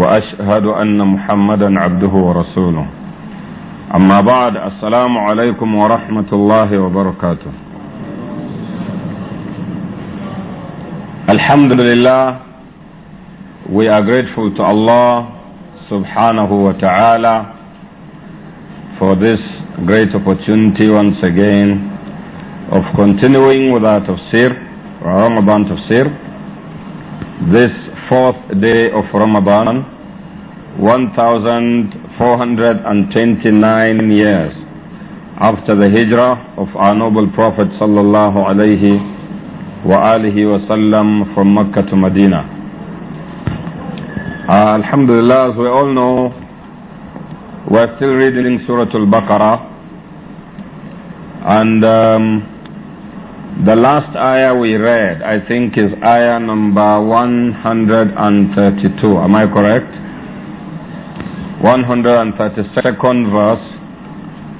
واشهد ان محمدا عبده ورسوله اما بعد السلام عليكم ورحمه الله وبركاته alhamdulillah we are grateful to allah subhanahu wa ta'ala for this great opportunity once again of continuing with our tafsir ramadan tafsir this fourth day of Ramadan, 1429 years after the hijrah of our noble Prophet sallallahu alaihi wasallam from Mecca to Medina. Uh, Alhamdulillah, as we all know, we're still reading Surah Al-Baqarah and um, the last ayah we read, I think, is ayah number 132. Am I correct? 132nd verse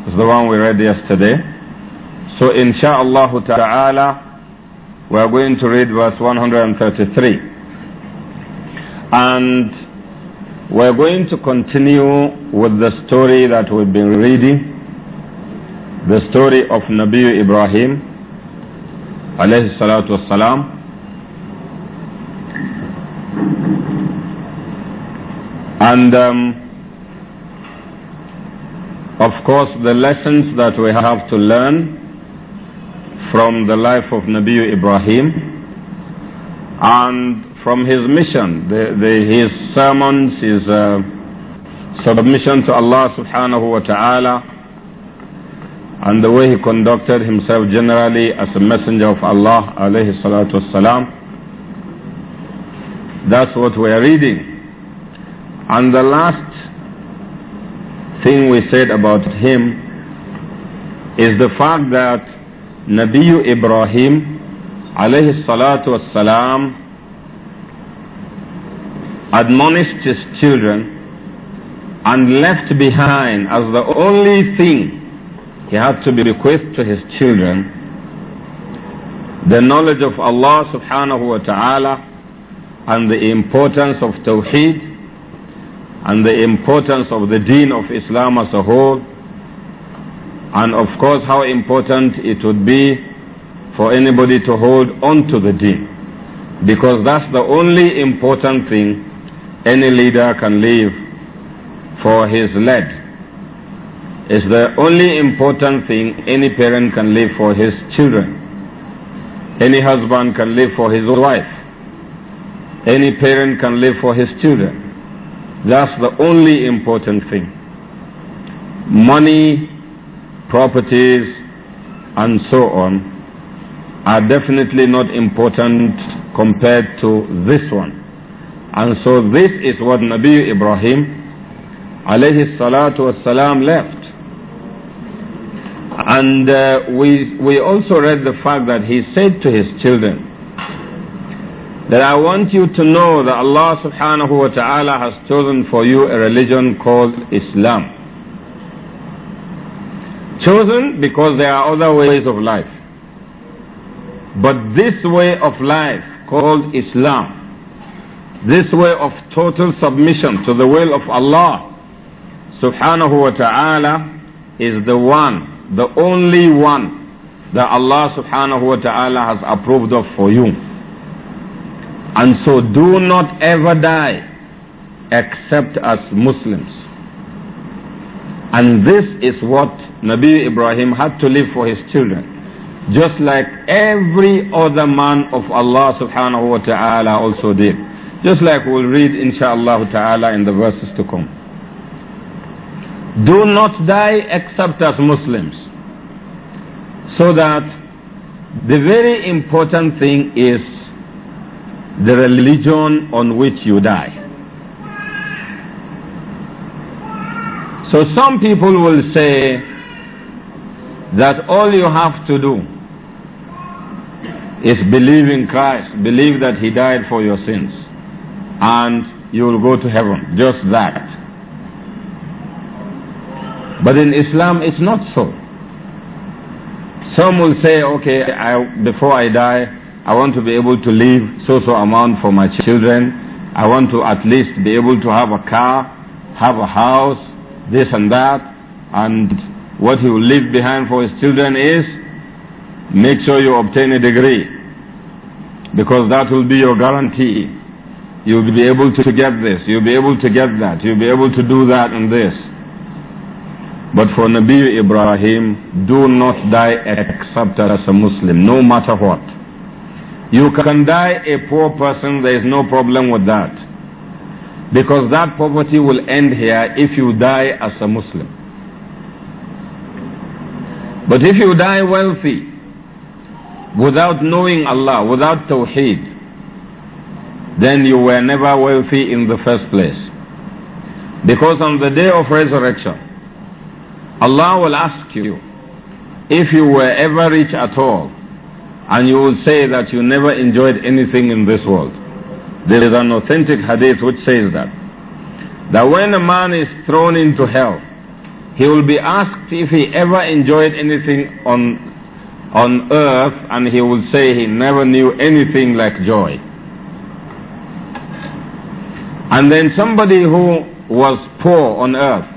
is the one we read yesterday. So, insha'Allah ta'ala, we are going to read verse 133. And we're going to continue with the story that we've been reading the story of Nabi Ibrahim alayhi salatu wassalam and um, of course the lessons that we have to learn from the life of Nabi Ibrahim and from his mission, the, the, his sermons, his uh, submission to Allah subhanahu wa ta'ala and the way he conducted himself generally as a messenger of Allah alayhi salatu wasalam. That's what we are reading. And the last thing we said about him is the fact that Nabi Ibrahim alayhi salatu salam admonished his children and left behind as the only thing he had to be bequeathed to his children the knowledge of Allah subhanahu wa ta'ala and the importance of Tawheed and the importance of the deen of Islam as a whole and of course how important it would be for anybody to hold on to the deen because that's the only important thing any leader can leave for his lead is the only important thing any parent can live for his children. Any husband can live for his wife. Any parent can live for his children. That's the only important thing. Money, properties, and so on are definitely not important compared to this one. And so this is what Nabi Ibrahim alayhi salatu wasalam left. And uh, we, we also read the fact that he said to his children that I want you to know that Allah subhanahu wa ta'ala has chosen for you a religion called Islam. Chosen because there are other ways of life. But this way of life called Islam, this way of total submission to the will of Allah subhanahu wa ta'ala is the one the only one that Allah subhanahu wa ta'ala has approved of for you. And so do not ever die except as Muslims. And this is what Nabi Ibrahim had to live for his children. Just like every other man of Allah subhanahu wa ta'ala also did. Just like we'll read inshallah ta'ala in the verses to come. Do not die except as Muslims. So that the very important thing is the religion on which you die. So some people will say that all you have to do is believe in Christ, believe that He died for your sins, and you will go to heaven. Just that. But in Islam, it's not so. Some will say, okay, I, before I die, I want to be able to leave so so amount for my children. I want to at least be able to have a car, have a house, this and that. And what he will leave behind for his children is make sure you obtain a degree because that will be your guarantee. You'll be able to get this, you'll be able to get that, you'll be able to do that and this. But for Nabi Ibrahim, do not die except as a Muslim, no matter what. You can die a poor person, there is no problem with that. Because that poverty will end here if you die as a Muslim. But if you die wealthy, without knowing Allah, without Tawheed, then you were never wealthy in the first place. Because on the day of resurrection, Allah will ask you if you were ever rich at all and you will say that you never enjoyed anything in this world. There is an authentic hadith which says that. That when a man is thrown into hell, he will be asked if he ever enjoyed anything on, on earth and he will say he never knew anything like joy. And then somebody who was poor on earth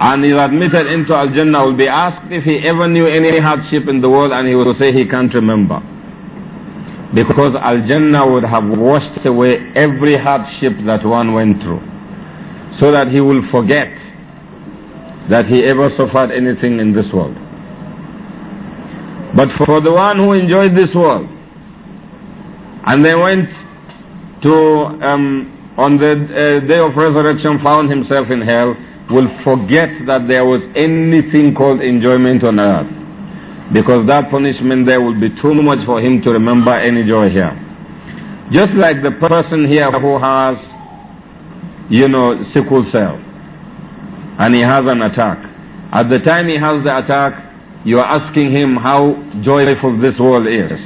and is admitted into Al Jannah will be asked if he ever knew any hardship in the world and he will say he can't remember. Because Al Jannah would have washed away every hardship that one went through. So that he will forget that he ever suffered anything in this world. But for the one who enjoyed this world and then went to, um, on the uh, day of resurrection, found himself in hell will forget that there was anything called enjoyment on earth. Because that punishment there will be too much for him to remember any joy here. Just like the person here who has, you know, sickle cell and he has an attack. At the time he has the attack, you are asking him how joyful this world is.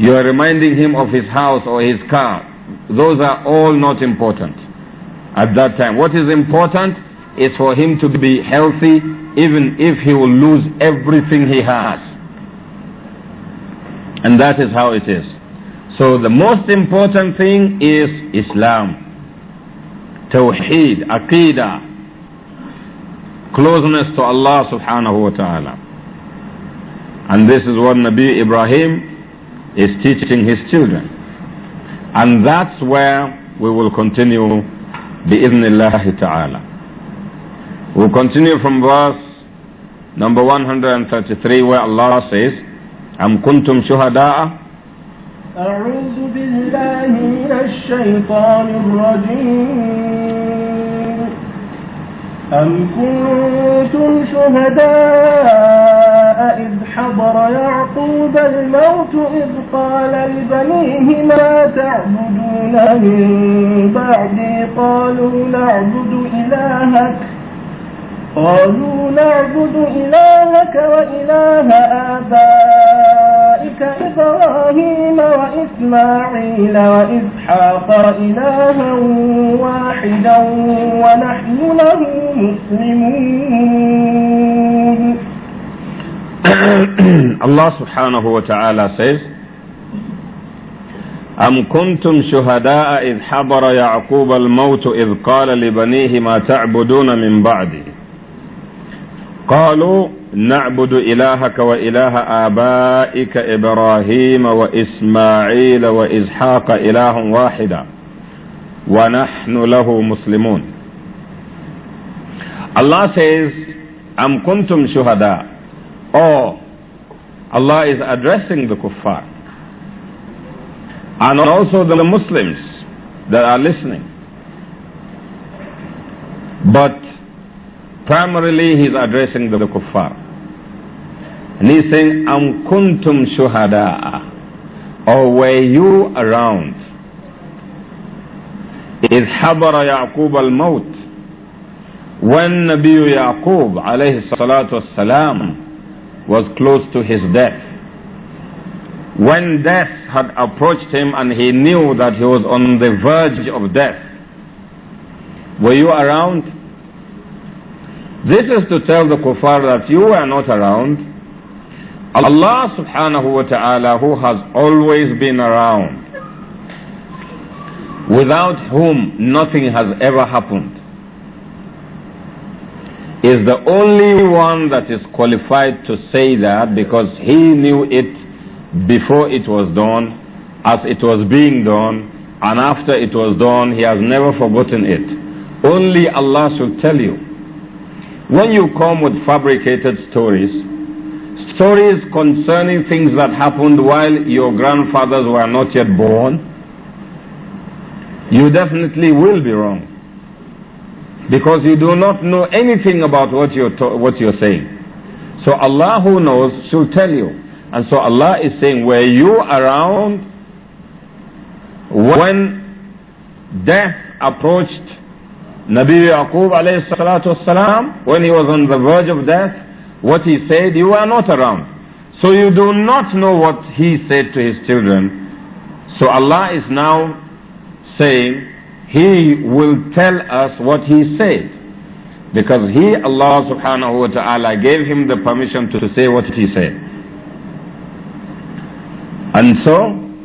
You are reminding him of his house or his car. Those are all not important at that time. What is important is for him to be healthy even if he will lose everything he has. And that is how it is. So the most important thing is Islam. Tawheed, Aqidah, closeness to Allah subhanahu wa ta'ala. And this is what Nabi Ibrahim is teaching his children. And that's where we will continue بإذن الله تعالى We'll continue from verse number 133 where Allah says أم كنتم شهداء أعوذ بالله من الشيطان الرجيم أم كنتم شهداء إذ حضر يعقوب الموت إذ قال لبنيه ما تعبدون من بعدي قالوا نعبد إلهك قالوا نعبد إلهك وإله آبائك إبراهيم وإسماعيل وإسحاق إلها واحدا ونحن له مسلمون Allah subhanahu wa ta'ala says, أم كنتم شهداء إذ حضر يعقوب الموت إذ قال لبنيه ما تعبدون من بعدي قالوا نعبد إلهك وإله آبائك إبراهيم وإسماعيل وإسحاق إله واحدا ونحن له مسلمون Allah says أم كنتم شهداء or Allah is addressing the kuffar and also the Muslims that are listening. But primarily he's addressing the kuffar. And he's saying, Am kuntum shuhada'a? Or were you around? is إذ Yaqub al-Maut when Nabi Yaqub alayhi salatu salam was close to his death. When death had approached him and he knew that he was on the verge of death, were you around? This is to tell the kuffar that you were not around. Allah subhanahu wa ta'ala who has always been around, without whom nothing has ever happened is the only one that is qualified to say that because he knew it before it was done, as it was being done, and after it was done, he has never forgotten it. Only Allah should tell you. When you come with fabricated stories, stories concerning things that happened while your grandfathers were not yet born, you definitely will be wrong because you do not know anything about what you're, what you're saying. So Allah who knows should tell you. And so Allah is saying, were you around when death approached Nabi Yaqub alayhi when he was on the verge of death, what he said, you were not around. So you do not know what he said to his children. So Allah is now saying, he will tell us what he said. Because he, Allah subhanahu wa ta'ala, gave him the permission to say what he said. And so,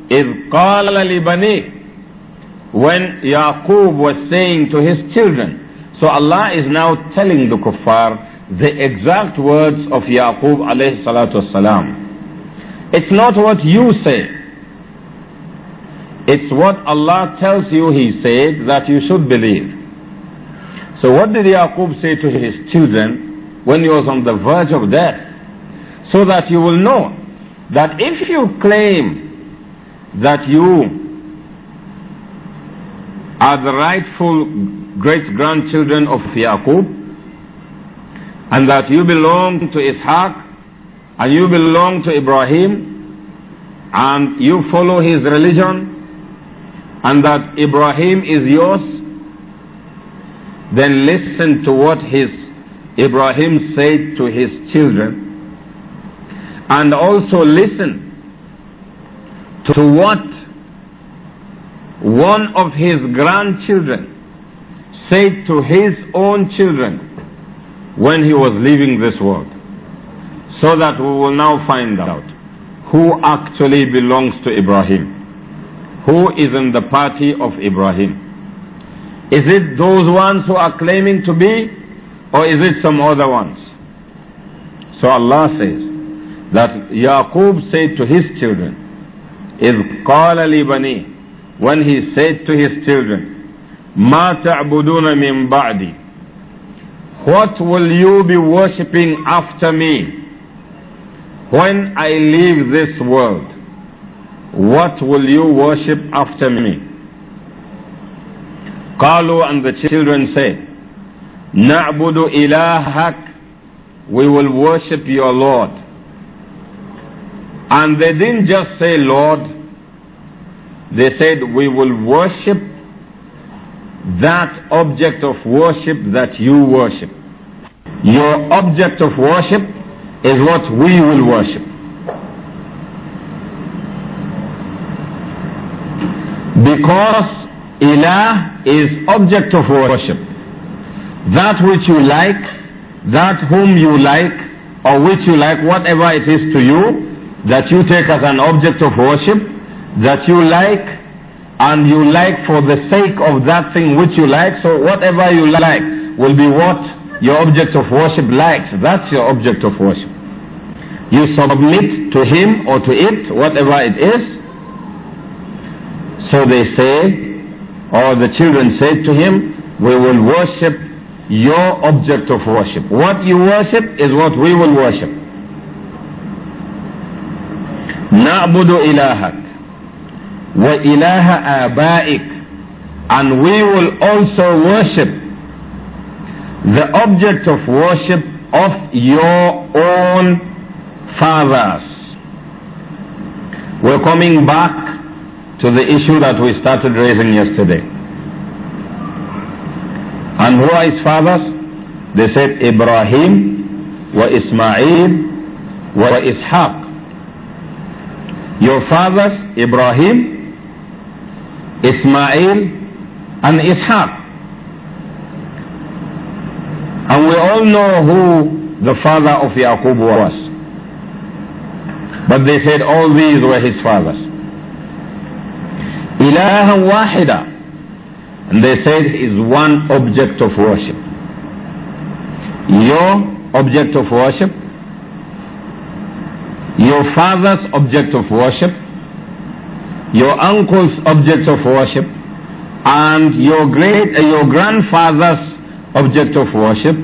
إِذْ قَالَ لِبَنِيهِ When Yaqub was saying to his children, so Allah is now telling the kuffar the exact words of Yaqub alayhi salatu wasalam. It's not what you say. It's what Allah tells you, He said, that you should believe. So what did Yaqub say to his children when he was on the verge of death? So that you will know that if you claim that you are the rightful great grandchildren of Yaqub, and that you belong to Ishaq, and you belong to Ibrahim, and you follow his religion, and that Ibrahim is yours, then listen to what his Ibrahim said to his children and also listen to what one of his grandchildren said to his own children when he was leaving this world so that we will now find out who actually belongs to Ibrahim who is in the party of Ibrahim? Is it those ones who are claiming to be, or is it some other ones? So Allah says that Yaqub said to his children, إِذْ قَالَ لِبَنِي When he said to his children, مَا تَعْبُدُونَ مِن بَعْدِي What will you be worshipping after me when I leave this world? What will you worship after me? Kalu and the children said, Na'budu ilahak, we will worship your Lord. And they didn't just say Lord, they said, we will worship that object of worship that you worship. Your object of worship is what we will worship. Because ilah is object of worship. That which you like, that whom you like, or which you like, whatever it is to you, that you take as an object of worship, that you like, and you like for the sake of that thing which you like, so whatever you like will be what your object of worship likes. That's your object of worship. You submit to him or to it, whatever it is, so they said, or the children said to him, we will worship your object of worship. What you worship is what we will worship. نعبد إلهك وإله آبائك and we will also worship the object of worship of your own fathers. We're coming back to the issue that we started raising yesterday. And who are his fathers? They said Ibrahim wa Ismail wa Ishaq. Your fathers, Ibrahim, Ismail, and Ishaq. And we all know who the father of Yaqub was. But they said all these were his fathers ilaha wahida. And they said is one object of worship. Your object of worship, your father's object of worship, your uncle's object of worship, and your great uh, your grandfather's object of worship,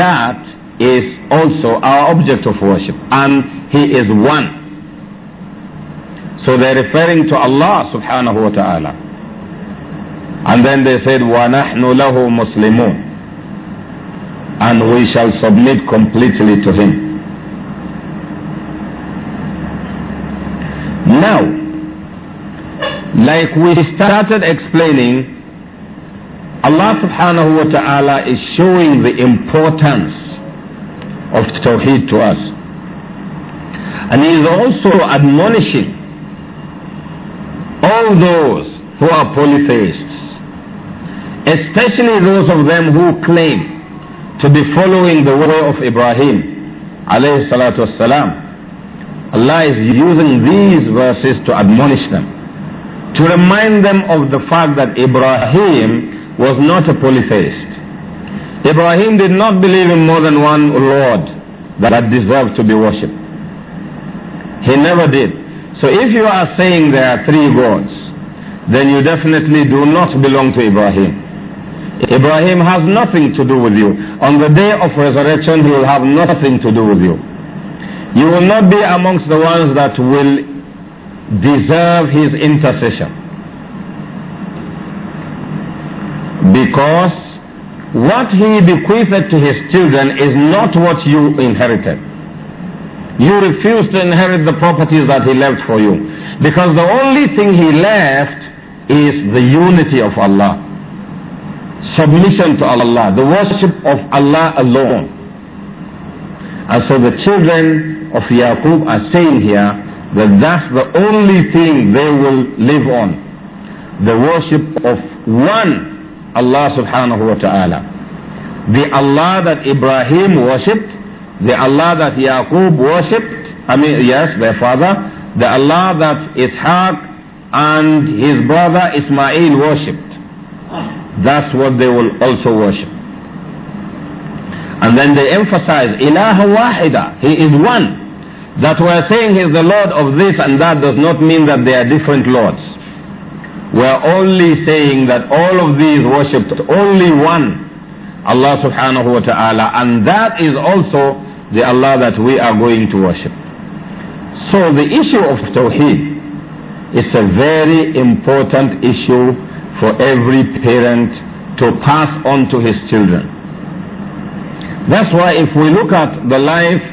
that is also our object of worship. And he is one. So they're referring to Allah subhanahu wa ta'ala. And then they said, وَنَحْنُ لَهُ مُسْلِمُونَ And we shall submit completely to Him. Now, like we started explaining, Allah subhanahu wa ta'ala is showing the importance of Tawheed to us. And He is also admonishing all those who are polytheists, especially those of them who claim to be following the way of Ibrahim alayhi salatu Allah is using these verses to admonish them, to remind them of the fact that Ibrahim was not a polytheist. Ibrahim did not believe in more than one Lord that deserved to be worshipped. He never did. So if you are saying there are three gods, then you definitely do not belong to Ibrahim. Ibrahim has nothing to do with you. On the day of resurrection, he will have nothing to do with you. You will not be amongst the ones that will deserve his intercession. Because what he bequeathed to his children is not what you inherited. You refuse to inherit the properties that he left for you. Because the only thing he left is the unity of Allah. Submission to Allah, the worship of Allah alone. And so the children of Yaqub are saying here that that's the only thing they will live on. The worship of one Allah subhanahu wa ta'ala. The Allah that Ibrahim worshipped the Allah that Yaqub worshipped, I mean, yes, their father, the Allah that Ishaq and his brother Ismail worshipped. That's what they will also worship. And then they emphasize, Ilaha Wahida, He is one. That we are saying He is the Lord of this and that does not mean that they are different Lords. We are only saying that all of these worshipped only one Allah subhanahu wa ta'ala. And that is also the Allah that we are going to worship. So the issue of Tawheed is a very important issue for every parent to pass on to his children. That's why if we look at the life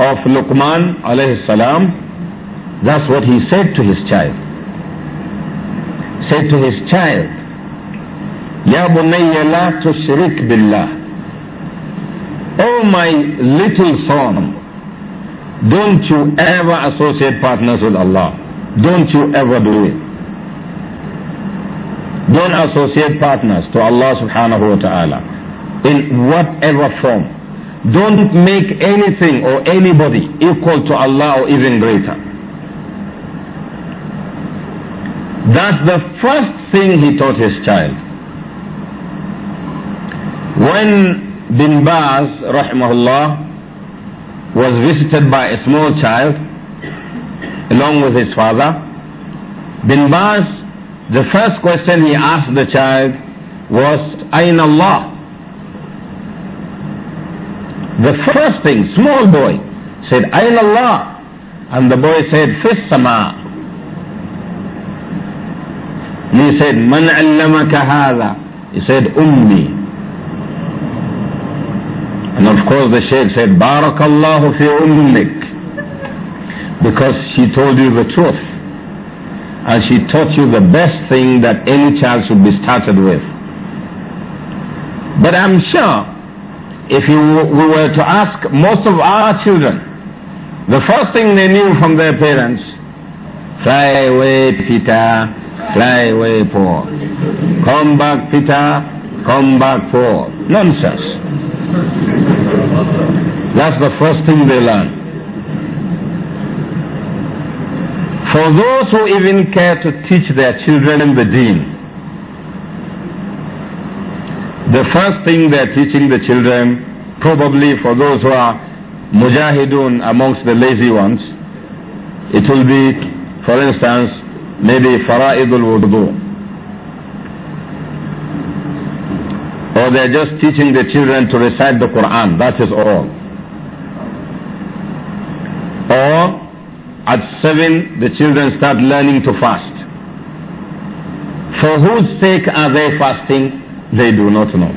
of Luqman alayhi salam, that's what he said to his child. Said to his child, يا بني لا تشرك بالله Oh my little son, don't you ever associate partners with Allah. Don't you ever do it. Don't associate partners to Allah subhanahu wa ta'ala in whatever form. Don't make anything or anybody equal to Allah or even greater. That's the first thing he taught his child. When Bin Baz, rahmahullah, was visited by a small child, along with his father, Bin Baz, the first question he asked the child was, Ain Allah? The first thing, small boy, said, Ain Allah? And the boy said, Fis sama. He said, Man allamaka hadha? He said, Ummi. And of course the Shaykh said, Barakallahu fi ummik. Because she told you the truth. And she taught you the best thing that any child should be started with. But I'm sure if you, we were to ask most of our children, the first thing they knew from their parents, fly away Peter, fly away Paul. Come back Peter, come back Paul. Nonsense. That's the first thing they learn. For those who even care to teach their children in the deen, the first thing they're teaching the children, probably for those who are mujahidun amongst the lazy ones, it will be, for instance, maybe fara'idul wudu. Or they're just teaching the children to recite the Quran. That is all. Or at seven, the children start learning to fast. For whose sake are they fasting? They do not know.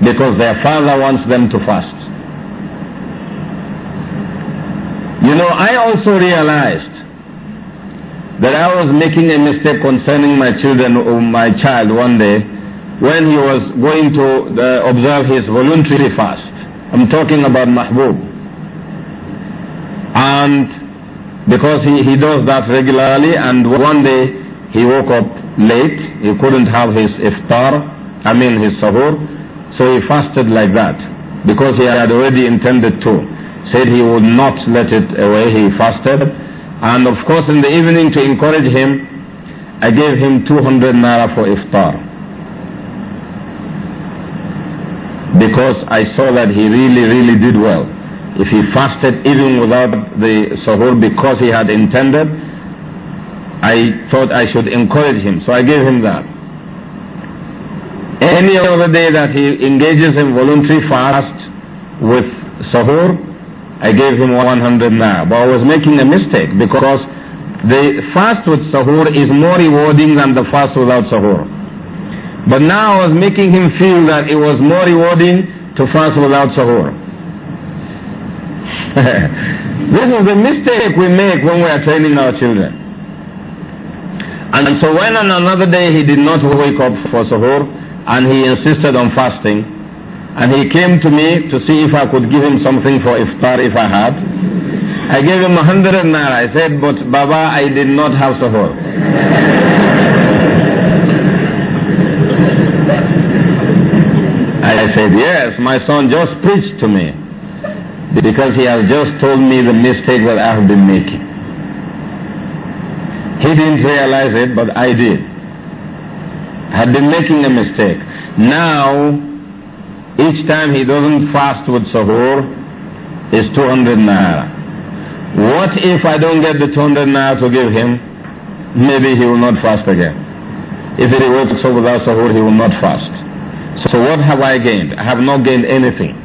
Because their father wants them to fast. You know, I also realized that I was making a mistake concerning my children or my child one day when he was going to uh, observe his voluntary fast. I'm talking about Mahbub. And because he, he does that regularly, and one day he woke up late, he couldn't have his iftar, I mean his sahur, so he fasted like that because he had already intended to. Said he would not let it away, he fasted. And of course, in the evening, to encourage him, I gave him 200 naira for iftar. because I saw that he really, really did well. If he fasted even without the sahur because he had intended, I thought I should encourage him, so I gave him that. Any other day that he engages in voluntary fast with sahur, I gave him 100 na. But I was making a mistake because the fast with sahur is more rewarding than the fast without sahur. But now I was making him feel that it was more rewarding to fast without sahur. this is the mistake we make when we are training our children. And so when on another day he did not wake up for sahur and he insisted on fasting, and he came to me to see if I could give him something for iftar if I had. I gave him a hundred naira. I said, but Baba, I did not have sahur. I said, Yes, my son just preached to me because he has just told me the mistake that I have been making. He didn't realize it, but I did. I had been making a mistake. Now, each time he doesn't fast with sahur, it's 200 naira. What if I don't get the 200 naira to give him? Maybe he will not fast again. If he wakes up without sahur, he will not fast. So what have I gained? I have not gained anything.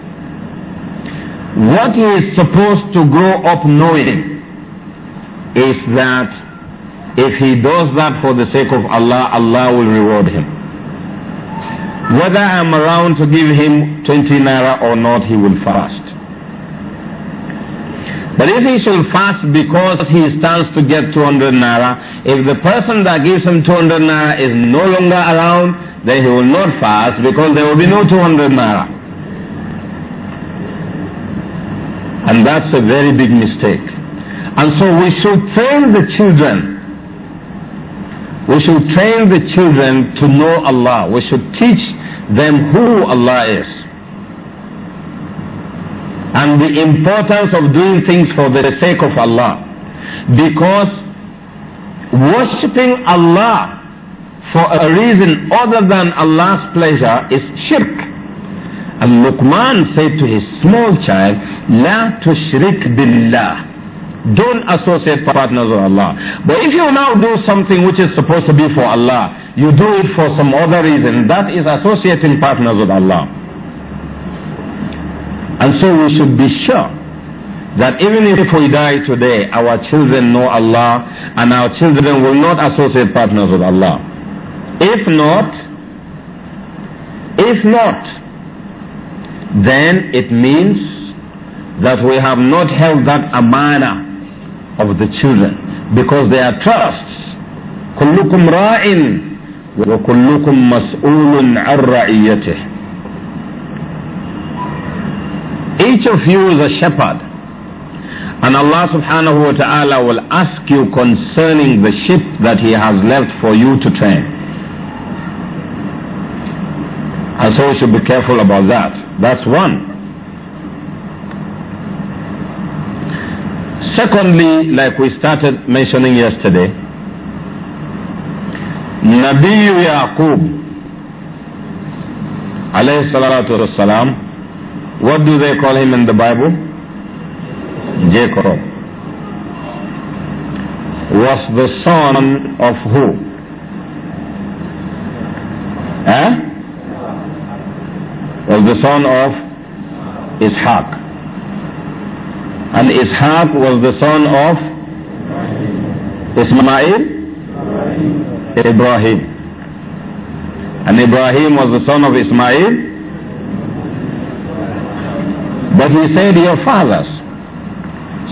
What he is supposed to grow up knowing is that if he does that for the sake of Allah, Allah will reward him. Whether I'm around to give him 20 naira or not, he will fast. But if he shall fast because he stands to get 200 naira, if the person that gives him 200 naira is no longer around, then he will not fast because there will be no 200 naira. And that's a very big mistake. And so we should train the children. We should train the children to know Allah. We should teach them who Allah is. And the importance of doing things for the sake of Allah. Because worshipping Allah for a reason other than Allah's pleasure is shirk. And Luqman said to his small child, La tushrik billah. Don't associate partners with Allah. But if you now do something which is supposed to be for Allah, you do it for some other reason, that is associating partners with Allah. And so we should be sure that even if we die today, our children know Allah and our children will not associate partners with Allah. If not, if not, then it means that we have not held that amana of the children because they are trusts. كلكم راع وكلكم مسؤول عن رعيته. Each of you is a shepherd and Allah subhanahu wa ta'ala will ask you concerning the sheep that He has left for you to train. And so we should be careful about that. That's one. Secondly, like we started mentioning yesterday, Nabi Yaqub alayhi salatu wasalam, what do they call him in the Bible? Jacob. Was the son of who? Eh? was the son of Ishaq. And Ishaq was the son of Ismail, Ibrahim. And Ibrahim was the son of Ismail. But he said, Your fathers.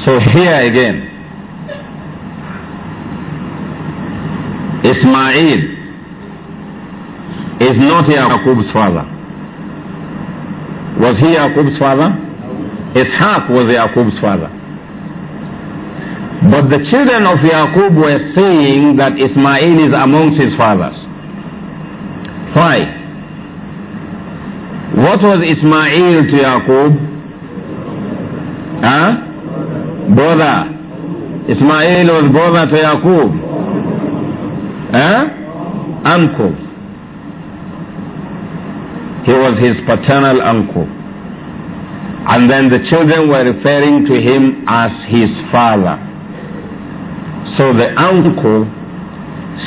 So here again, Ismail is not Yaqub's father. Was he Yaqub's father? Ishaq was Yaqub's father. But the children of Yaqub were saying that Ismail is amongst his fathers. Why? What was Ismail to Yaqub? Huh? Brother. Ismail was brother to Yaqub. Huh? Uncle. He was his paternal uncle. And then the children were referring to him as his father. So the uncle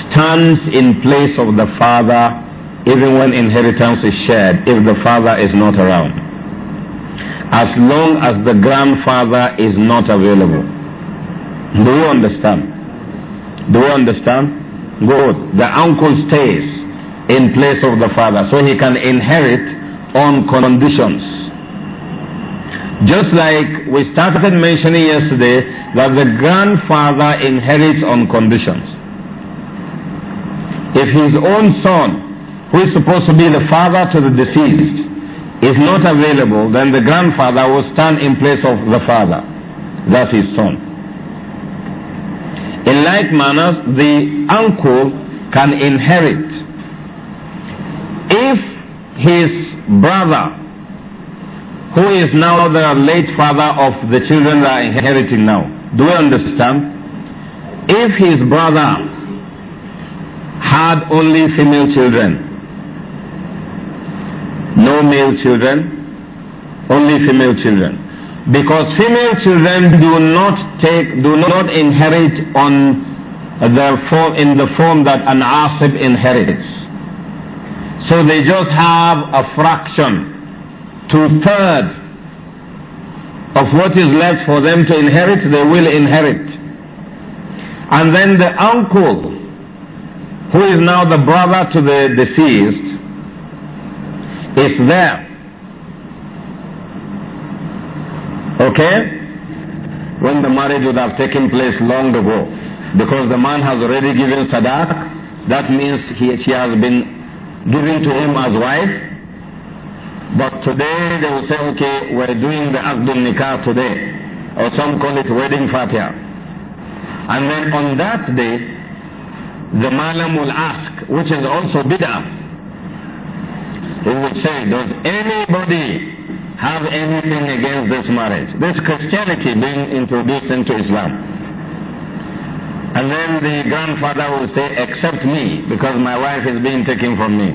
stands in place of the father even when inheritance is shared if the father is not around. As long as the grandfather is not available. Do you understand? Do you understand? Good. The uncle stays in place of the father. So he can inherit on conditions. Just like we started mentioning yesterday that the grandfather inherits on conditions. If his own son, who is supposed to be the father to the deceased, is not available, then the grandfather will stand in place of the father, that is son. In like manner, the uncle can inherit if his brother, who is now the late father of the children that are inheriting now, do you understand? If his brother had only female children, no male children, only female children because female children do not take do not inherit on the form in the form that an asib inherits so they just have a fraction, two thirds of what is left for them to inherit, they will inherit. And then the uncle, who is now the brother to the deceased, is there. Okay? When the marriage would have taken place long ago. Because the man has already given sadaq, that means he, she has been given to him as wife. But today they will say, okay, we're doing the Abdul Nikah today. Or some call it wedding fatia. And then on that day, the Malam will ask, which is also bid'ah. He will say, does anybody have anything against this marriage? This Christianity being introduced into Islam. And then the grandfather will say, "Accept me, because my wife is being taken from me.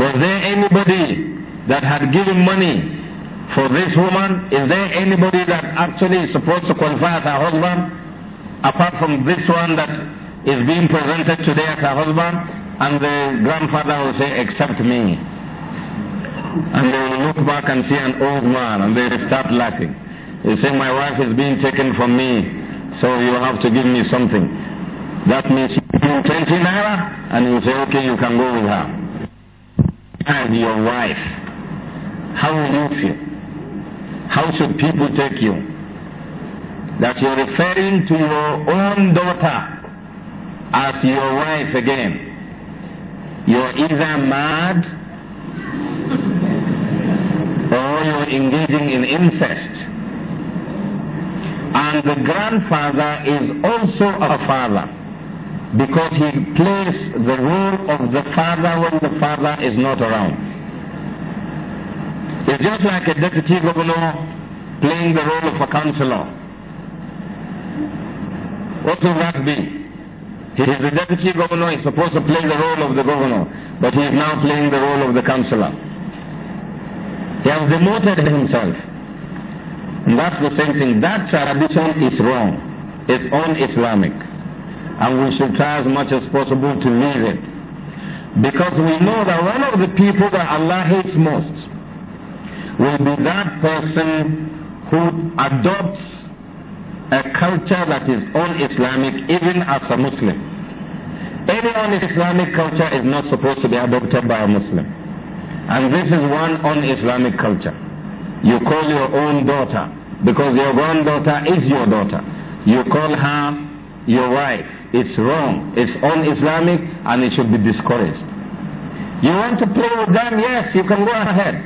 Was there anybody that had given money for this woman? Is there anybody that actually is supposed to qualify as her husband? Apart from this one that is being presented today as her husband? And the grandfather will say, "Accept me. And they will look back and see an old man and they will start laughing. He's saying, My wife is being taken from me, so you have to give me something. That means you give him 20 naira, and you say, Okay, you can go with her. And your wife, how will you feel? How should people take you? That you're referring to your own daughter as your wife again. You're either mad or you're engaging in incest. And the grandfather is also a father because he plays the role of the father when the father is not around. It's just like a deputy governor playing the role of a counselor. What will that be? He is the deputy governor, he's supposed to play the role of the governor, but he is now playing the role of the counselor. He has demoted himself that's the same thing. That tradition is wrong. It's un-Islamic. And we should try as much as possible to leave it. Because we know that one of the people that Allah hates most will be that person who adopts a culture that is un-Islamic even as a Muslim. Any un-Islamic culture is not supposed to be adopted by a Muslim. And this is one un-Islamic culture. You call your own daughter because your granddaughter is your daughter. You call her your wife. It's wrong. It's un-Islamic and it should be discouraged. You want to play with them? Yes, you can go ahead.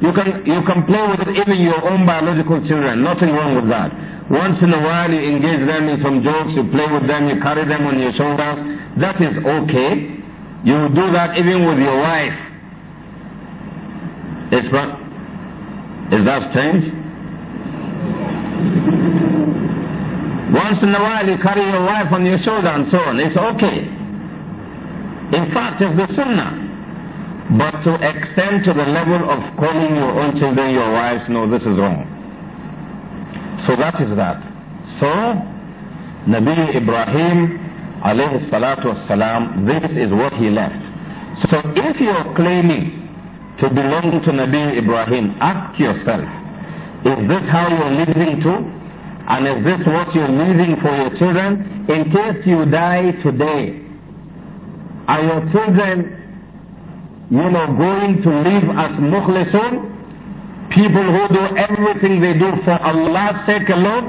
You can, you can play with even your own biological children. Nothing wrong with that. Once in a while you engage them in some jokes, you play with them, you carry them on your shoulders. That is okay. You do that even with your wife. It's not, is that strange? Once in a while you carry your wife on your shoulder and so on. It's okay. In fact, it's the sunnah. But to extend to the level of calling your own children your wives, no, this is wrong. So that is that. So, Nabi Ibrahim alayhi salatu wasalam, this is what he left. So if you're claiming to belong to Nabi Ibrahim. Ask yourself, is this how you're living to? And is this what you're leaving for your children? In case you die today, are your children, you know, going to live as mukhlisun? People who do everything they do for Allah's sake alone?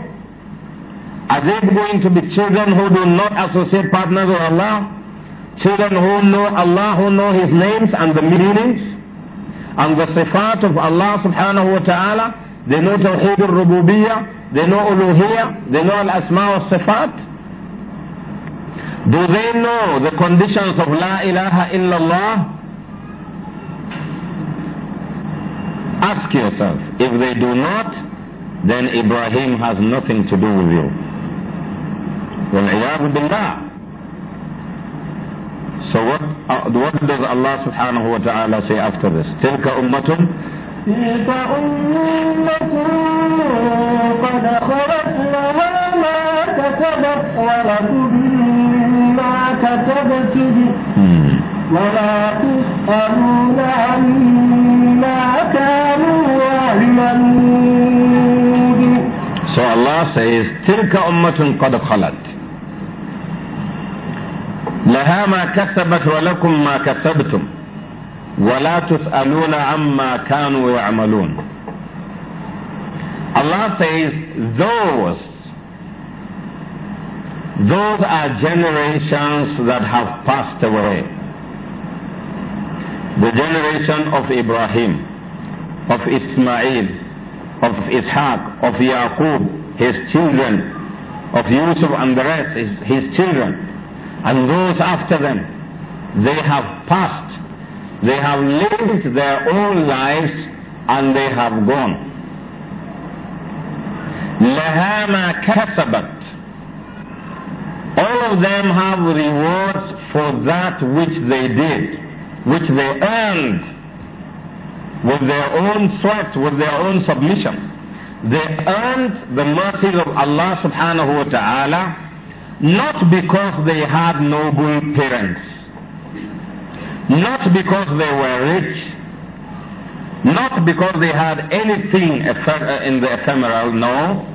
Are they going to be children who do not associate partners with Allah? Children who know Allah, who know His names and the meanings? and the sifat of Allah subhanahu wa ta'ala. They know Tawheed al-Rububiyyah, they know Uluhiyyah, they know Al-Asma wa Sifat. Do they know the conditions of La ilaha illallah? Ask yourself, if they do not, then Ibrahim has nothing to do with you. billah. So what, uh, what does Allah subhanahu wa ta'ala say after this? تلك أمة تلك أمة قد خلت لها ما كسبت ولكم ما كسبتم ولا تسألون عما كانوا يعملون So Allah says تلك أمة قد خلت لها ما كسبت ولكم ما كسبتم ولا تسألون عما كانوا يعملون Allah says those those are generations that have passed away the generation of Ibrahim of Ismail of Ishaq of Yaqub his children of Yusuf and the rest his, his children and those after them. They have passed. They have lived their own lives and they have gone. لها ما all of them have rewards for that which they did, which they earned with their own sweat, with their own submission. They earned the mercies of Allah subhanahu wa ta'ala not because they had noble parents, not because they were rich, not because they had anything uh, in the ephemeral, no.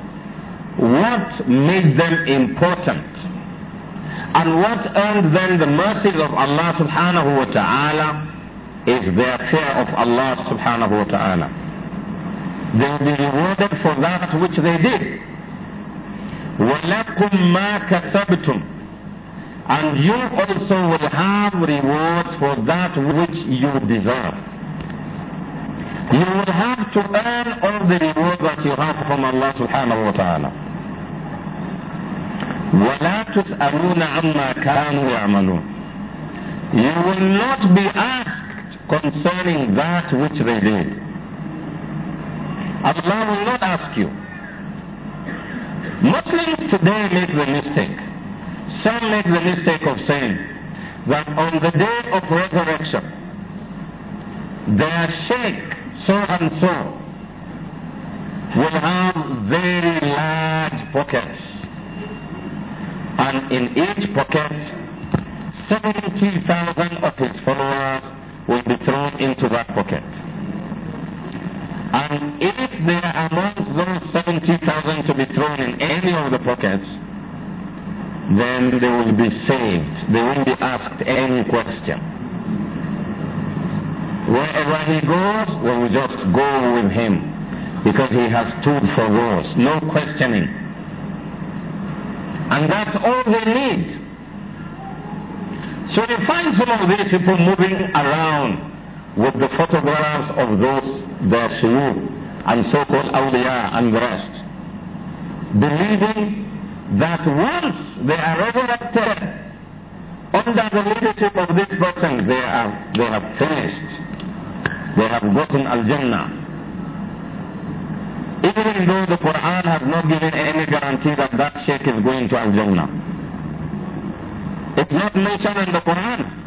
What made them important and what earned them the mercies of Allah subhanahu wa ta'ala is their fear of Allah subhanahu wa ta'ala. They will be rewarded for that which they did. وَلَكُمْ مَا كَسَبْتُمْ and you also will have rewards for that which you deserve. You will have to earn all the reward that you have from Allah subhanahu wa ta'ala. وَلَا تُسْأَلُونَ عَمَّا كَانُوا يَعْمَلُونَ You will not be asked concerning that which they did. Allah will not ask you. Muslims today make the mistake. Some make the mistake of saying that on the day of resurrection, their sheikh so and so will have very large pockets. And in each pocket, 70,000 of his followers will be thrown into that pocket. And if there are among those 70,000 to be thrown in any of the pockets, then they will be saved. They won't be asked any question. Wherever he goes, we will just go with him because he has stood for those. No questioning. And that's all they need. So you find some of these people moving around with the photographs of those their shuyukh and so-called awliya and the rest, believing that once they are resurrected under the leadership of this person, they, are, they have finished. They have gotten Al-Jannah. Even though the Quran has not given any guarantee that that sheikh is going to Al-Jannah. It's not mentioned in the Quran.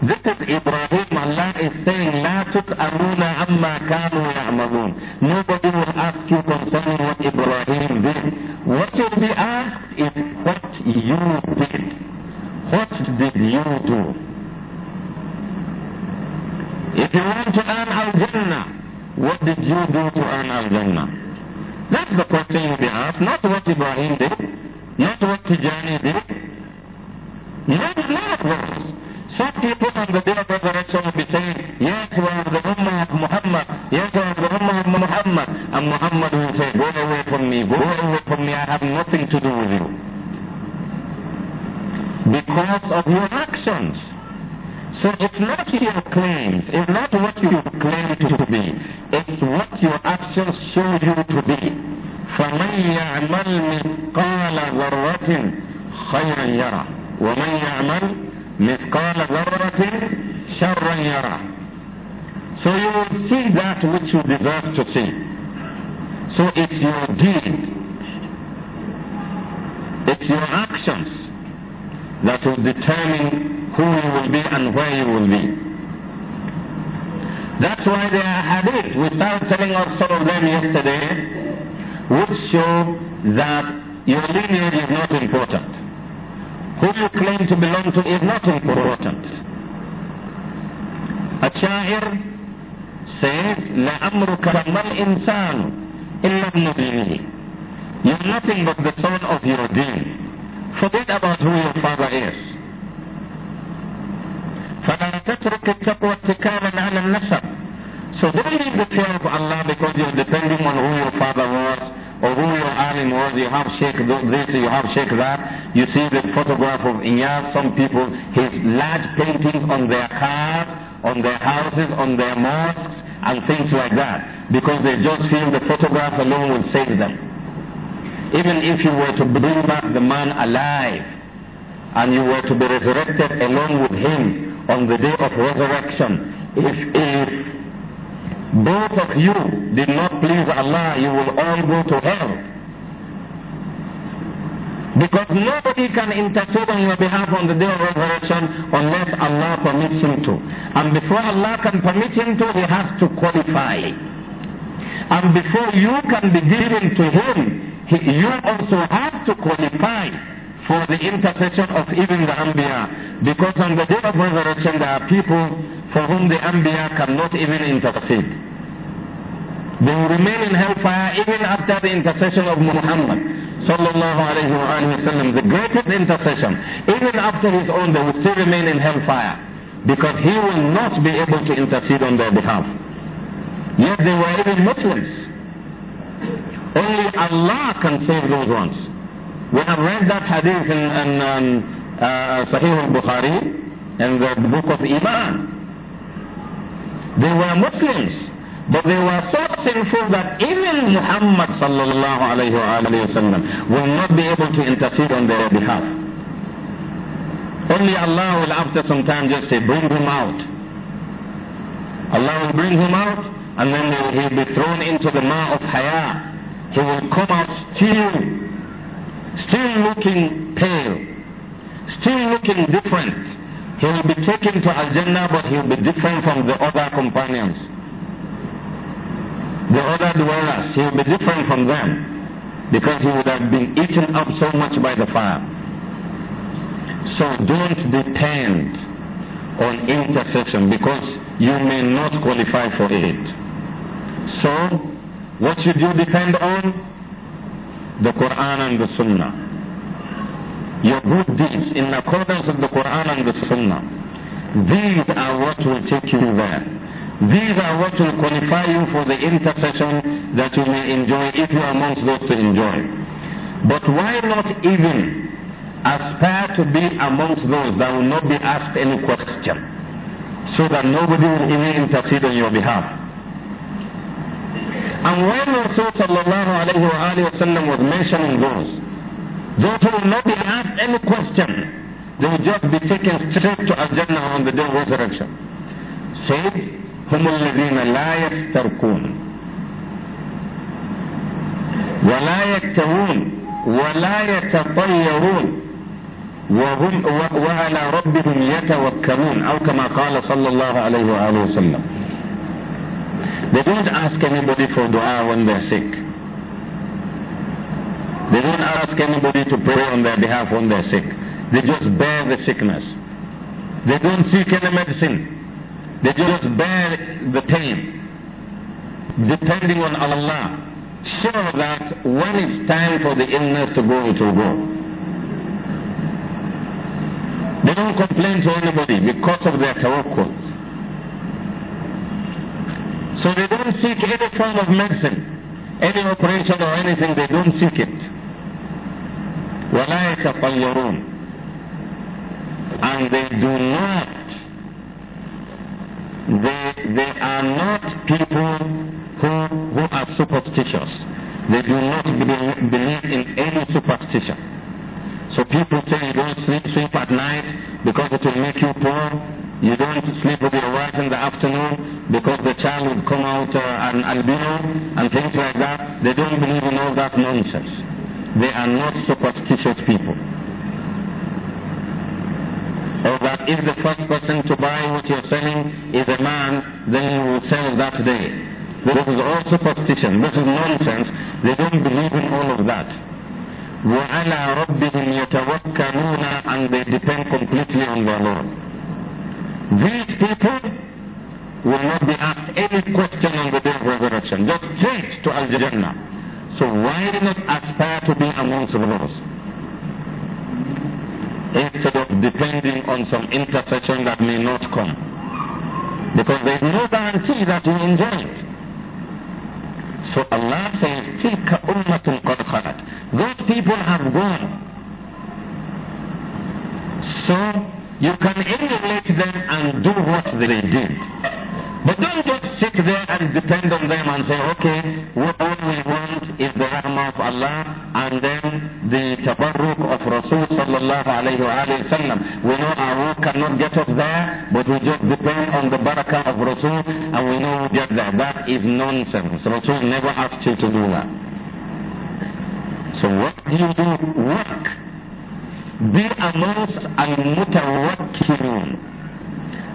This is Ibrahim. Allah is saying, لا تسألون عما كانوا يعملون. Nobody will ask you concerning what Ibrahim did. What will be asked is what you did. What did you do? If you want to earn Al-Jannah, what did you do to earn Al-Jannah? That's the question you'll be asked, not what Ibrahim did, not what Tijani did, not none of Sati punan da dina da garan sama bisai ya kuwa da umma Muhammad ya kuwa da umma Muhammad and Muhammad will say go away from me go away from me I have nothing to do with you because of your actions so it's not your claims it's not what you claim to be it's what your actions show you to be فمن يعمل مثقال ذرة خيرا يرى ومن يعمل مثقال ذرة شرا يرى so you will see that which you deserve to see. So it's your deed, it's your actions that will determine who you will be and where you will be. That's why there are hadith, we started telling us some of them yesterday, which show that your lineage is not important who you claim to belong to is not important. A sha'ir says, "La ما مَا insan, illa ابْنُ دِينِهِ You're nothing but the son of your deen. Forget about who your father is. فَلَا تَتْرُكِ التَّقْوَى اتِّكَالًا عَلى النَّسَبِ So don't leave the fear of Allah because you're depending on who your father was or who your alim was, you have Sheikh this, you have Sheikh that. You see the photograph of Iyaz, some people, his large paintings on their cars, on their houses, on their mosques, and things like that, because they just feel the photograph alone will save them. Even if you were to bring back the man alive, and you were to be resurrected along with him on the day of resurrection, if, if both of you did not please Allah, you will all go to hell. Because nobody can intercede on your behalf on the day of resurrection unless Allah permits him to. And before Allah can permit him to, he has to qualify. And before you can be given to him, he, you also have to qualify for the intercession of even the Anbiya. Because on the day of resurrection, there are people for whom the Anbiya cannot even intercede. They will remain in hellfire even after the intercession of Muhammad. Sallallahu alayhi wa sallam, the greatest intercession. Even after his own, they will still remain in hellfire because he will not be able to intercede on their behalf. Yet they were even Muslims. Only Allah can save those ones. We have read that hadith in, in um, uh, Sahih al-Bukhari and the book of Iman. They were Muslims, but they were so sinful that even Muhammad sallallahu alayhi wa will not be able to intercede on their behalf. Only Allah will after some time just say, bring him out. Allah will bring him out and then he will be thrown into the ma of haya. He will come out still still looking pale, still looking different. He will be taken to Al-Jannah, but he will be different from the other companions. The other dwellers, he will be different from them because he would have been eaten up so much by the fire. So don't depend on intercession because you may not qualify for it. So, what should you depend on? the Quran and the Sunnah. Your good deeds in accordance with the Quran and the Sunnah. These are what will take you there. These are what will qualify you for the intercession that you may enjoy if you are amongst those to enjoy. But why not even aspire to be amongst those that will not be asked any question so that nobody will even intercede on your behalf? And when Rasul sallallahu alayhi wa alayhi wa sallam was mentioning those, those who will not be asked any question, they will just be taken straight to Al-Jannah on the day of resurrection. Say, هم الذين لا يفترقون ولا يكتوون ولا يتطيرون وهم وعلى ربهم يتوكلون أو كما قال صلى الله عليه وآله وسلم They don't ask anybody for dua when they're sick. They don't ask anybody to pray on their behalf when they're sick. They just bear the sickness. They don't seek any medicine. They just bear the pain, depending on Allah. Sure that when it's time for the illness to go, it will go. They don't complain to anybody because of their tawakkul. So they don't seek any form of medicine, any operation or anything, they don't seek it. وَلَا يَتَطَيَّرُونَ And they do not, they, they are not people who, who are superstitious. They do not believe in any superstition. So people say you don't sleep, sleep at night because it will make you poor you don't sleep with your wife in the afternoon because the child will come out uh, an albino and things like that. They don't believe in all that nonsense. They are not superstitious people. Or that if the first person to buy what you're selling is a man, then you will sell that day. This is all superstition. This is nonsense. They don't believe in all of that. وَعَلَىٰ رَبِّهِمْ يَتَوَكَّلُونَ And they depend completely on their Lord. These people will not be asked any question on the day of resurrection, just straight to Al Jannah. So why not aspire to be amongst those? Instead of depending on some intercession that may not come. Because there is no guarantee that you enjoy it. So Allah says, تِلْكَ أُمَّةٌ قَدْ خَلَتْ Those people have gone. So you can emulate them and do what they did. But don't just sit there and depend on them and say, okay, what all we want is the rahmah of Allah and then the tabarruk of Rasul sallallahu alayhi wa sallam. We know our work cannot get us there, but we just depend on the barakah of Rasul and we know we get there. That is nonsense. Rasul never asked you to do that. So what do you do? Work be amongst al-mutawakkilun.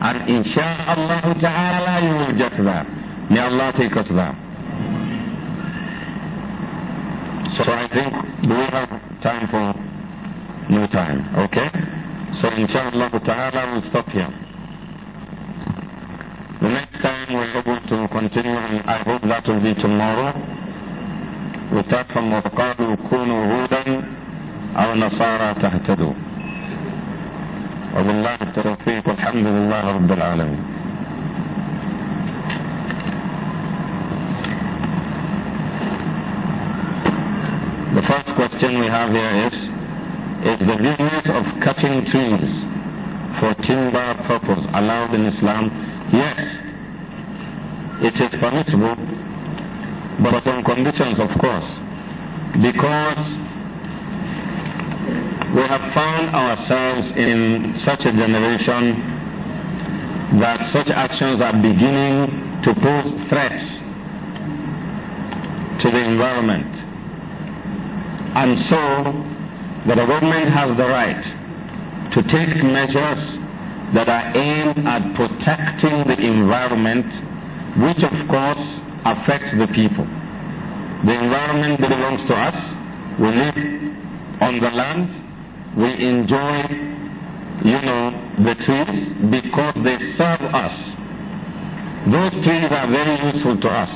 And insha'Allah ta'ala you will get there. May Allah take us there. So I think we have time for no time, okay? So insha'Allah ta'ala we'll stop here. The next time we're able to continue and I hope that will be tomorrow. We start from كُونُوا هُودًا أو نصارى تهتدوا وبالله التوفيق الحمد لله رب العالمين The first question we have here is Is the business of cutting trees for timber purpose allowed in Islam? Yes, it is permissible, but on conditions, of course, because we have found ourselves in such a generation that such actions are beginning to pose threats to the environment. And so, the government has the right to take measures that are aimed at protecting the environment, which of course affects the people. The environment belongs to us. We live on the land. We enjoy, you know, the trees because they serve us. Those trees are very useful to us.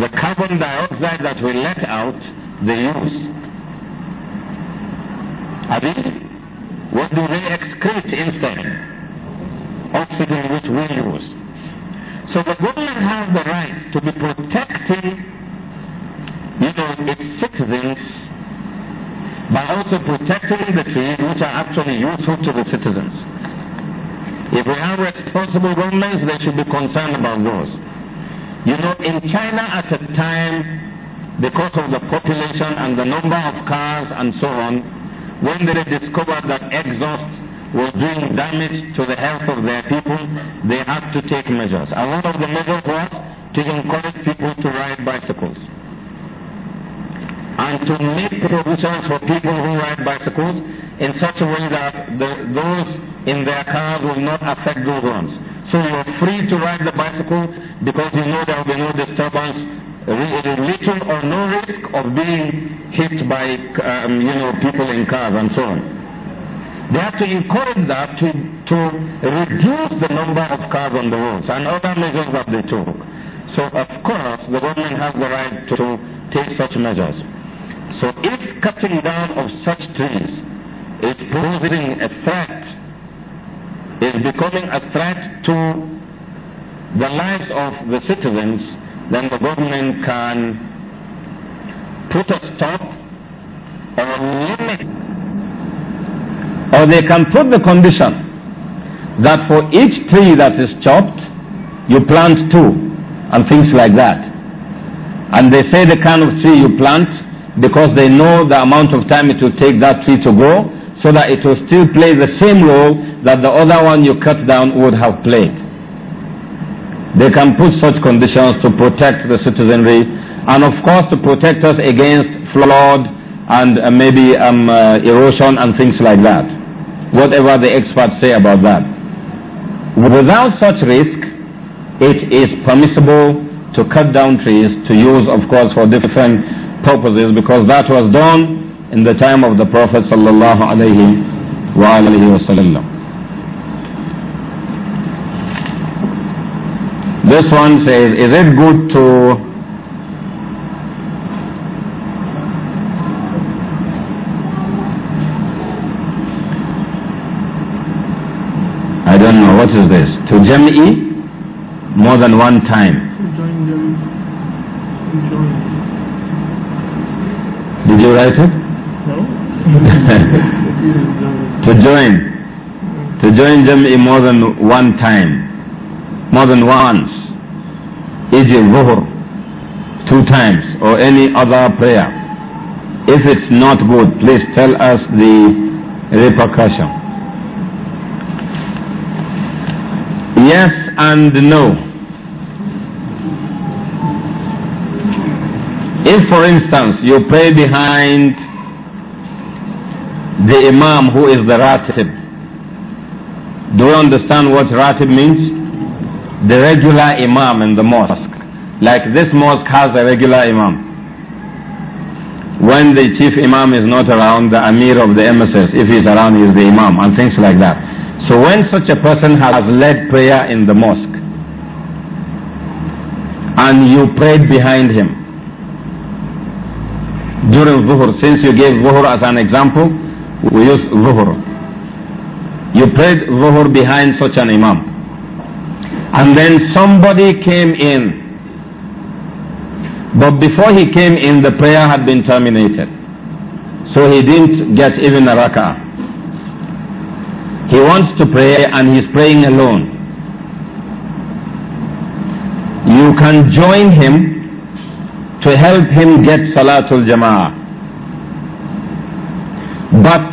The carbon dioxide that we let out, they use. I what do they excrete instead? Oxygen which we use. So the government has the right to be protecting, you know, its citizens by also protecting the trees which are actually useful to the citizens. If we have responsible governments, they should be concerned about those. You know, in China at a time, because of the population and the number of cars and so on, when they discovered that exhaust was doing damage to the health of their people, they had to take measures. And one of the measures was to encourage people to ride bicycles and to make provisions for people who ride bicycles in such a way that the, those in their cars will not affect those ones. So you're free to ride the bicycle because you know there will be no disturbance, uh, uh, little or no risk of being hit by um, you know people in cars and so on. They have to encourage that to, to reduce the number of cars on the roads and other measures that they took. So of course the government has the right to take such measures. So if cutting down of such trees is proving a threat, is becoming a threat to the lives of the citizens, then the government can put a stop or limit, or they can put the condition that for each tree that is chopped, you plant two, and things like that. And they say the kind of tree you plant because they know the amount of time it will take that tree to grow so that it will still play the same role that the other one you cut down would have played. They can put such conditions to protect the citizenry and of course to protect us against flood and uh, maybe um, uh, erosion and things like that. Whatever the experts say about that. Without such risk, it is permissible to cut down trees to use, of course, for different purposes because that was done in the time of the Prophet sallallahu alaihi wasallam. This one says, is it good to I don't know, what is this? To jam'i more than one time. Did you write it? No. to join. To join Jam'i more than one time. More than once. Is it Zuhr? Two times. Or any other prayer. If it's not good, please tell us the repercussion. Yes and no. If, for instance, you pray behind the Imam who is the Ratib, do you understand what Ratib means? The regular Imam in the mosque. Like this mosque has a regular Imam. When the chief Imam is not around, the Amir of the MSS, if he's around, he's the Imam, and things like that. So when such a person has led prayer in the mosque, and you prayed behind him, during Zuhur, since you gave Zuhur as an example, we use Zuhur. You prayed Zuhur behind such an Imam. And then somebody came in. But before he came in, the prayer had been terminated. So he didn't get even a rak'ah. He wants to pray and he's praying alone. You can join him to help him get Salatul Jama'ah. But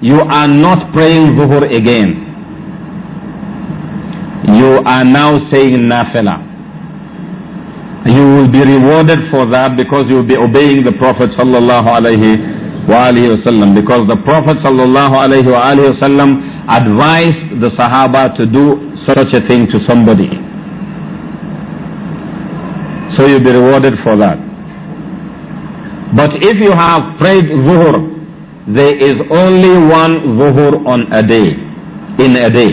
you are not praying Zuhur again. You are now saying Nafila. You will be rewarded for that because you will be obeying the Prophet sallallahu alaihi wasallam. Because the Prophet sallallahu alaihi wasallam advised the Sahaba to do such a thing to somebody. So you'll be rewarded for that. But if you have prayed zuhur, there is only one zuhur on a day, in a day.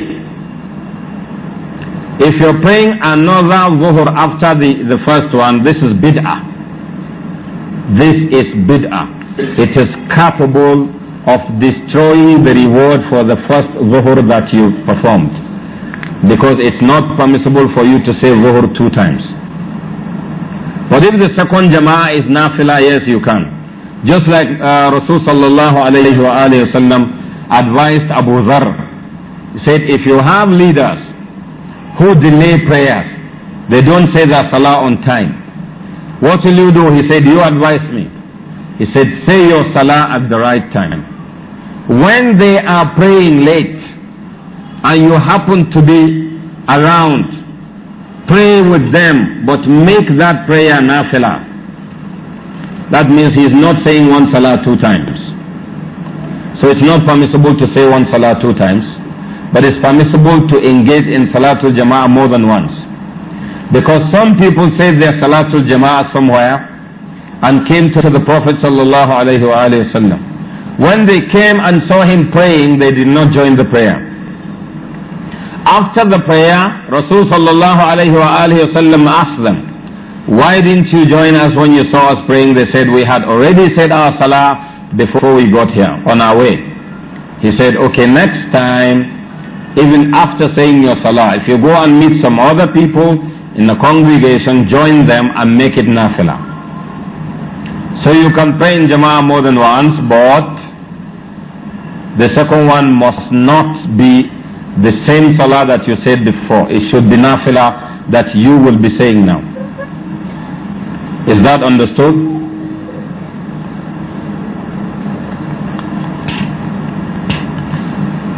If you're praying another zuhur after the, the first one, this is bid'ah. This is bid'ah. It is capable of destroying the reward for the first zuhur that you performed. Because it's not permissible for you to say zuhur two times. But if the second jama'ah is nafila, yes, you can. Just like uh, Rasulullah sallallahu alayhi wa advised Abu Dhar, said, if you have leaders who delay prayers, they don't say their salah on time. What will you do? He said, you advise me. He said, say your salah at the right time. When they are praying late, and you happen to be around Pray with them, but make that prayer nafilah. That means he is not saying one salah two times. So it's not permissible to say one salah two times, but it's permissible to engage in salatul jama'ah more than once. Because some people say their salatul jama'ah somewhere and came to the Prophet sallallahu alaihi wasallam. When they came and saw him praying, they did not join the prayer. After the prayer, Rasul sallallahu alayhi wa asked them, why didn't you join us when you saw us praying? They said, we had already said our salah before we got here, on our way. He said, okay, next time, even after saying your salah, if you go and meet some other people in the congregation, join them and make it nafilah. So you can pray in jama'ah more than once, but the second one must not be the same salah that you said before, it should be nafilah that you will be saying now. Is that understood?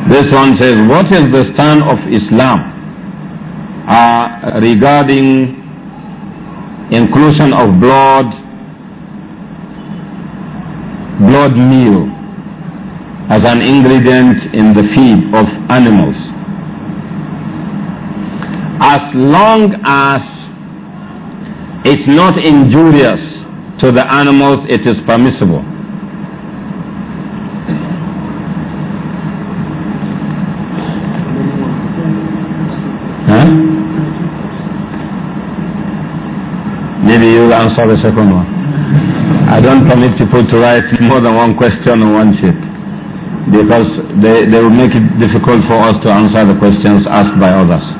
This one says, What is the stand of Islam uh, regarding inclusion of blood, blood meal as an ingredient in the feed of animals? as long as it's not injurious to the animals, it is permissible. Huh? Maybe you'll answer the second one. I don't permit people to write more than one question on one sheet because they, they will make it difficult for us to answer the questions asked by others.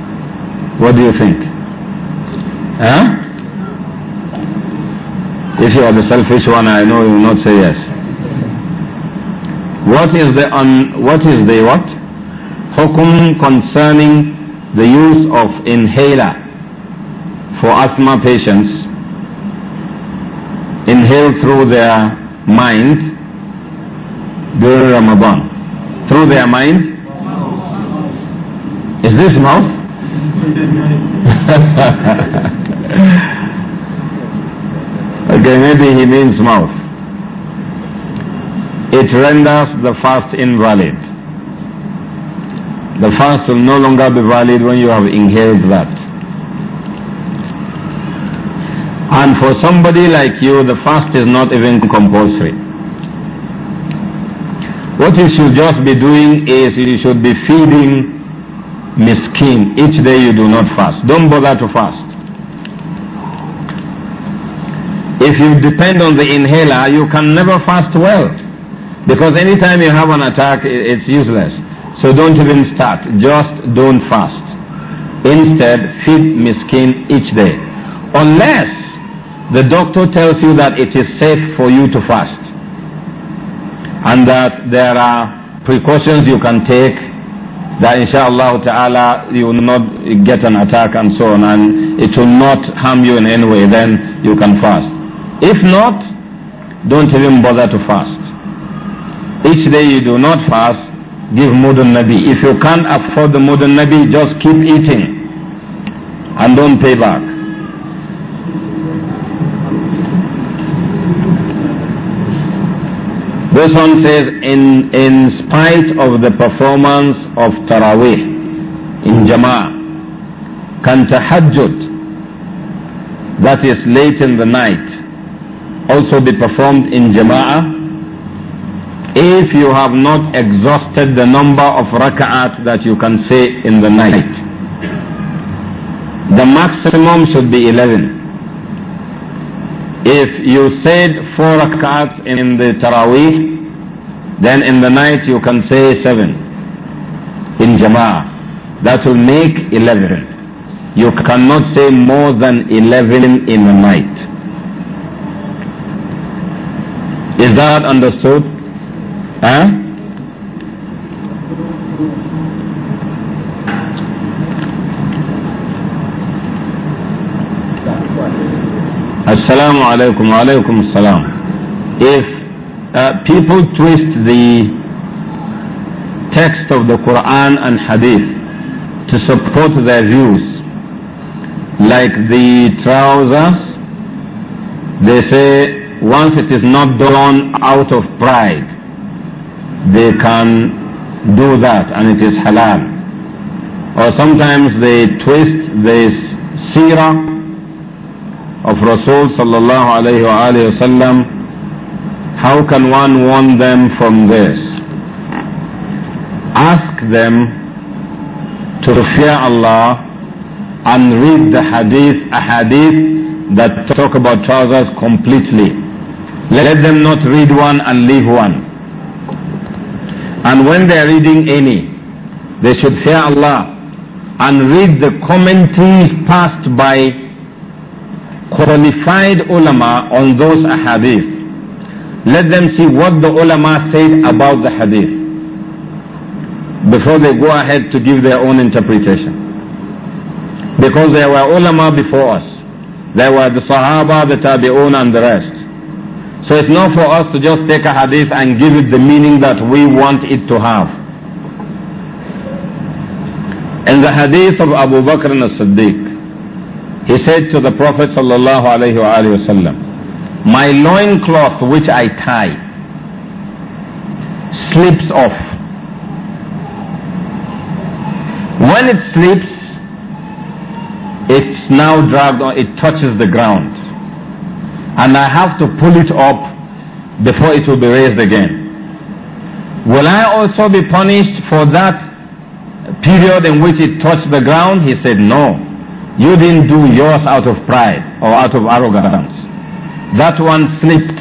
What do you think? Huh? If you are the selfish one, I know you will not say yes. What is the un, what is the what? Hukum concerning the use of inhaler for asthma patients inhale through their mind during Ramadan. Through their mind? Is this mouth? okay, maybe he means mouth. It renders the fast invalid. The fast will no longer be valid when you have inhaled that. And for somebody like you, the fast is not even compulsory. What you should just be doing is you should be feeding miskin each day you do not fast don't bother to fast if you depend on the inhaler you can never fast well because anytime you have an attack it's useless so don't even start just don't fast instead feed miskin each day unless the doctor tells you that it is safe for you to fast and that there are precautions you can take that inshallah ta'ala you will not get an attack and so on and it will not harm you in any way then you can fast if not don't even bother to fast each day you do not fast give mudun nabi if you can't afford the mudun nabi just keep eating and don't pay back This one says, in, in spite of the performance of Taraweeh in Jama'ah, can tahajjud, that is late in the night, also be performed in Jama'ah? If you have not exhausted the number of rakaat that you can say in the night, the maximum should be 11 if you said four rak'ats in the Taraweeh, then in the night you can say seven in Jama'ah. That will make eleven. You cannot say more than eleven in the night. Is that understood? Huh? Assalamu alaikum wa alaikum salam. If uh, people twist the text of the Quran and Hadith to support their views, like the trousers, they say once it is not drawn out of pride, they can do that and it is halal. Or sometimes they twist this seerah of Rasul sallallahu alayhi wa how can one warn them from this? Ask them to fear Allah and read the hadith, a hadith that talk about trousers completely. Let them not read one and leave one. And when they're reading any, they should fear Allah and read the commentaries passed by qualified ulama on those ahadith. Let them see what the ulama said about the hadith before they go ahead to give their own interpretation. Because there were ulama before us. There were the Sahaba, the Tabi'un and the rest. So it's not for us to just take a hadith and give it the meaning that we want it to have. In the hadith of Abu Bakr as-Siddiq, he said to the Prophet sallallahu alaihi wasallam, "My loincloth which I tie slips off. When it slips, it's now dragged on, it touches the ground. And I have to pull it up before it will be raised again. Will I also be punished for that period in which it touched the ground? He said, No. You didn't do yours out of pride or out of arrogance. That one slipped.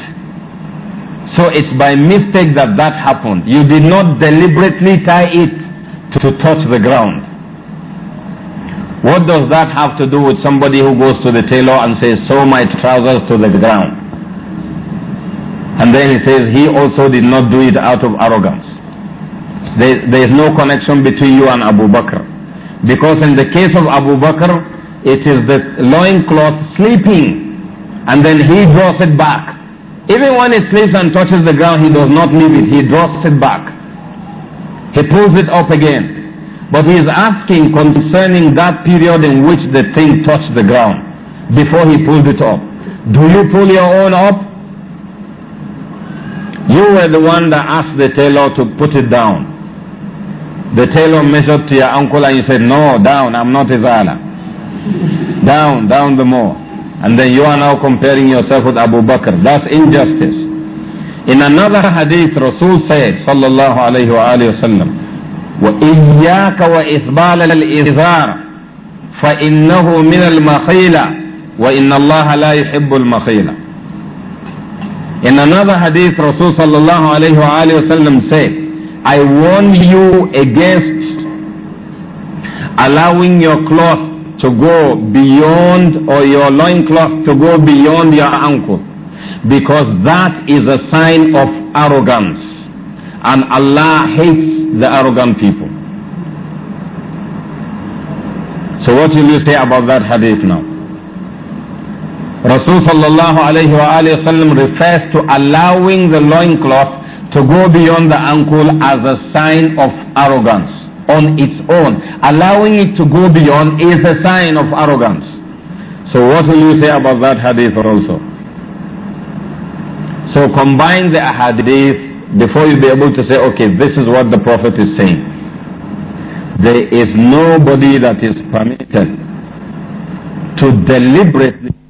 So it's by mistake that that happened. You did not deliberately tie it to touch the ground. What does that have to do with somebody who goes to the tailor and says, sew my trousers to the ground? And then he says, he also did not do it out of arrogance. There, there is no connection between you and Abu Bakr. Because in the case of Abu Bakr, it is the loincloth sleeping and then he draws it back. Even when it sleeps and touches the ground, he does not leave it. He drops it back. He pulls it up again. But he is asking concerning that period in which the thing touched the ground before he pulled it up. Do you pull your own up? You were the one that asked the tailor to put it down. The tailor measured to your uncle and you said, No, down, I'm not his Allah. Down, down the more. And then you are now comparing yourself with Abu Bakr. That's injustice. In another hadith, Rasul said, sallallahu alayhi Wasallam." alayhi وَإِيَّاكَ وَإِثْبَالَ الْإِذْآرَ فَإِنَّهُ مِنَ الْمَخِيلَةِ وَإِنَّ اللَّهَ لَا يُحِبُّ الْمَخِيلَةِ In another hadith, Rasul sallallahu alayhi Wasallam said, I warn you against allowing your cloth to go beyond, or your loincloth to go beyond your ankle. Because that is a sign of arrogance. And Allah hates the arrogant people. So what will you say about that hadith now? Rasul sallallahu alayhi wa sallam refers to allowing the loincloth to go beyond the ankle as a sign of arrogance on its own. Allowing it to go beyond is a sign of arrogance. So what will you say about that hadith also? So combine the hadith before you be able to say, okay, this is what the Prophet is saying. There is nobody that is permitted to deliberately